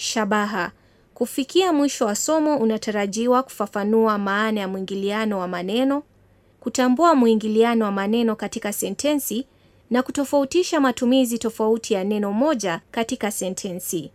Shabaha: kufikia mwisho wa somo unatarajiwa kufafanua maana ya mwingiliano wa maneno, kutambua mwingiliano wa maneno katika sentensi na kutofautisha matumizi tofauti ya neno moja katika sentensi.